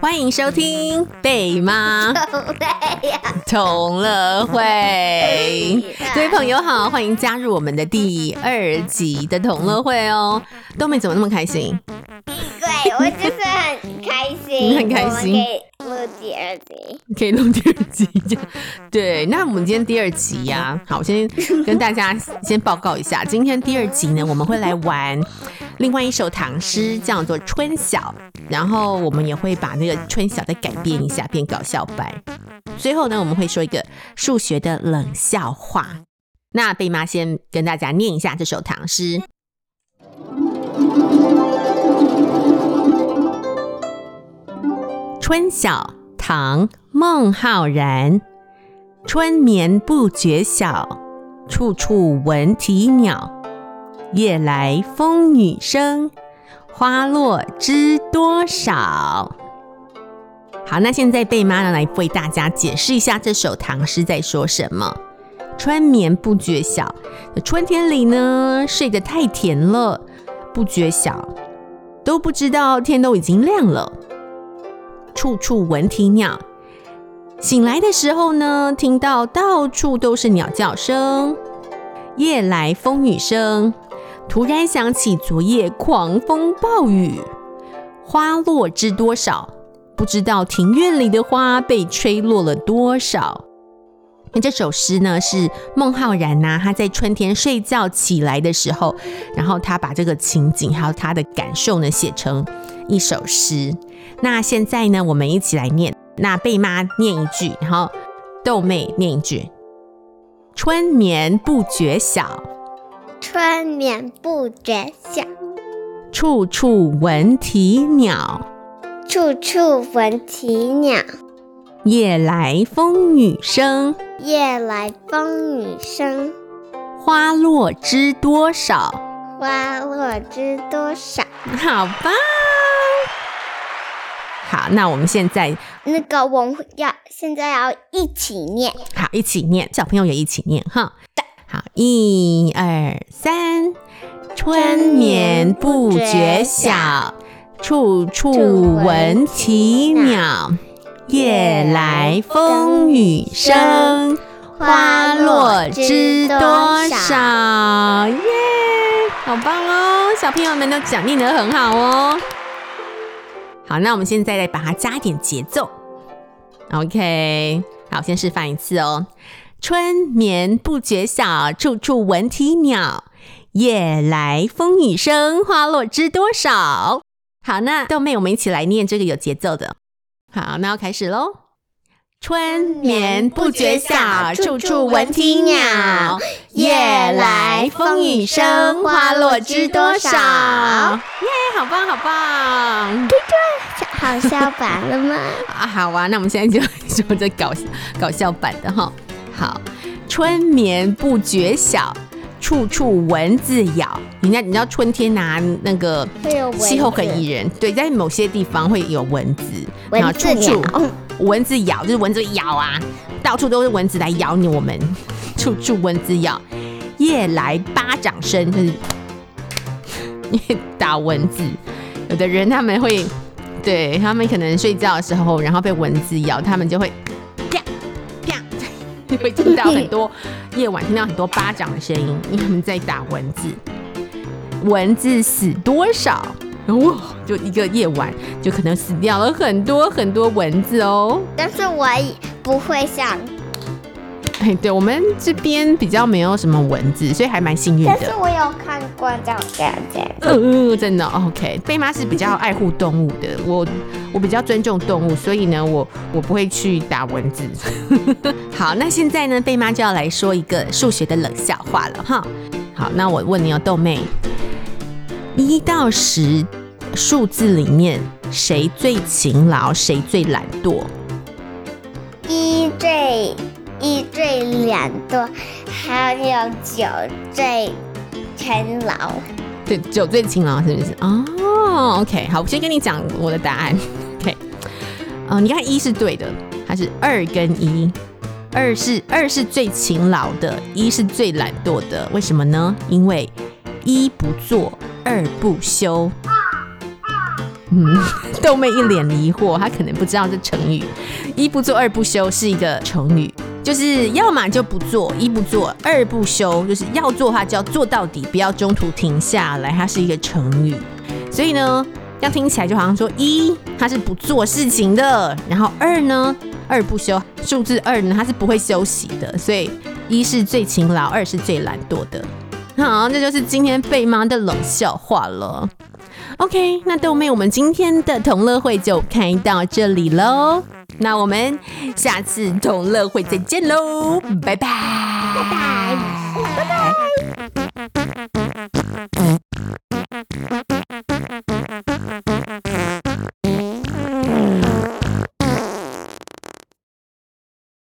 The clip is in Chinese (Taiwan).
歡迎收聽貝媽同樂會，同樂會。對，各位朋友好，歡迎加入我們的第二集的同樂會哦。豆妹怎麼那麼開心？對我就是很開心， 你很開心。第二集可以錄第二集，對，那我們今天第二集呀，啊，好，我先跟大家先報告一下， 今天第二集呢，我們會來玩另外一首唐詩，叫做《春曉》，然後我們也會把那個《春曉》再改變一下，變搞笑版。最後呢，我們會說一個數學的冷笑話。那貝媽先跟大家念一下這首唐詩，《春曉》。唐孟浩然，春眠不覺曉，處處聞啼鳥。夜來風雨聲，花落知多少。好，那現在貝媽呢來為大家解釋一下這首唐詩在說什麼。春眠不覺曉，春天裡呢睡得太甜了，不覺曉，都不知道天都已經亮了。處處聞啼鳥。醒來的時候呢，聽到到處都是鳥叫聲。夜來風雨聲，突然想起昨夜狂風暴雨。花落知多少？不知道庭院裡的花被吹落了多少。那這首詩呢，是孟浩然吶啊，他在春天睡覺起來的時候，然後他把這個情景還有他的感受呢，寫成一首詩，那現在呢，我們一起來念。那貝媽念一句，然後豆妹念一句。春眠不覺曉，春眠不覺曉，處處聞啼鳥，處處聞、聞啼鳥，夜來風雨聲，夜來風雨聲，花落知多少，花落知多少。好吧。好，那我們現在那個我們要現在要一起念，好，一起念，小朋友也一起念哈。好，一、二、三，春眠不覺曉，處處聞啼鳥，夜來風雨聲，花落知多少。耶，好棒哦，小朋友們都講念得很好哦。好，那我們現在來把它加點節奏。OK，好，先示範一次哦。春眠不覺曉，處處聞啼鳥。夜來風雨聲，花落知多少。好，那豆妹，我們一起來念這個有節奏的。好，那要開始嘍。春眠不覺曉，處處聞啼鳥。夜來風雨聲，花落知多少。耶，好棒，好棒。搞笑版了嗎？啊，好啊，那我們現在就說這搞笑搞笑版的哈。好，春眠不覺曉，處處蚊子咬。人家你知道春天拿、啊、那個氣候很宜人，對，在某些地方會有蚊子，蚊子然後處處蚊子咬、哦、蚊子咬，就是蚊子咬啊，到處都是蚊子來咬你。我們處處蚊子咬，夜來巴掌聲，就是你打蚊子。有的人他們會。對，他們可能睡覺的時候，然後被蚊子咬，他們就會啪啪，就會聽到很多夜晚，聽到很多巴掌的聲音，因為他們在打蚊子。蚊子死多少？哇，就一個夜晚就可能死掉了很多很多蚊子哦。但是我也不會想。對，我們這邊比較沒有什麼蚊子，所以還蠻幸運的。但是我有看過這樣感覺，嗯嗯、呃，真的 OK。貝媽是比較愛護動物的，我我比較尊重動物，所以呢，我我不會去打蚊子。 好，那現在呢，貝媽就要來說一個數學的冷笑話了哈。好，那我問你哦，豆妹，一到十數字裡面，誰最勤勞，誰最懶惰？一最。一最懶惰，還有九最勤勞。對，九最勤勞是不是？哦、oh,，OK，好，我先跟你講我的答案。OK，嗯、uh,，你看一是對的，它是二跟一。二是二是最勤勞的，一是最懶惰的。為什麼呢？因為一不做二不休。 嗯，豆妹一臉疑惑，她可能不知道這成語。一不做二不休是一個成語。就是要嘛就不做，一不做二不休。就是要做的話就要做到底，不要中途停下來。它是一個成語，所以呢，要聽起來就好像說一，它是不做事情的；然後二呢，二不休，數字二呢，它是不會休息的。所以一是最勤勞，二是最懶惰的。好，這就是今天貝媽的冷笑話了。OK，那豆妹，我們今天的同樂會就開到這裡嘍。那我們下次同樂會再見嘍，拜拜，拜拜。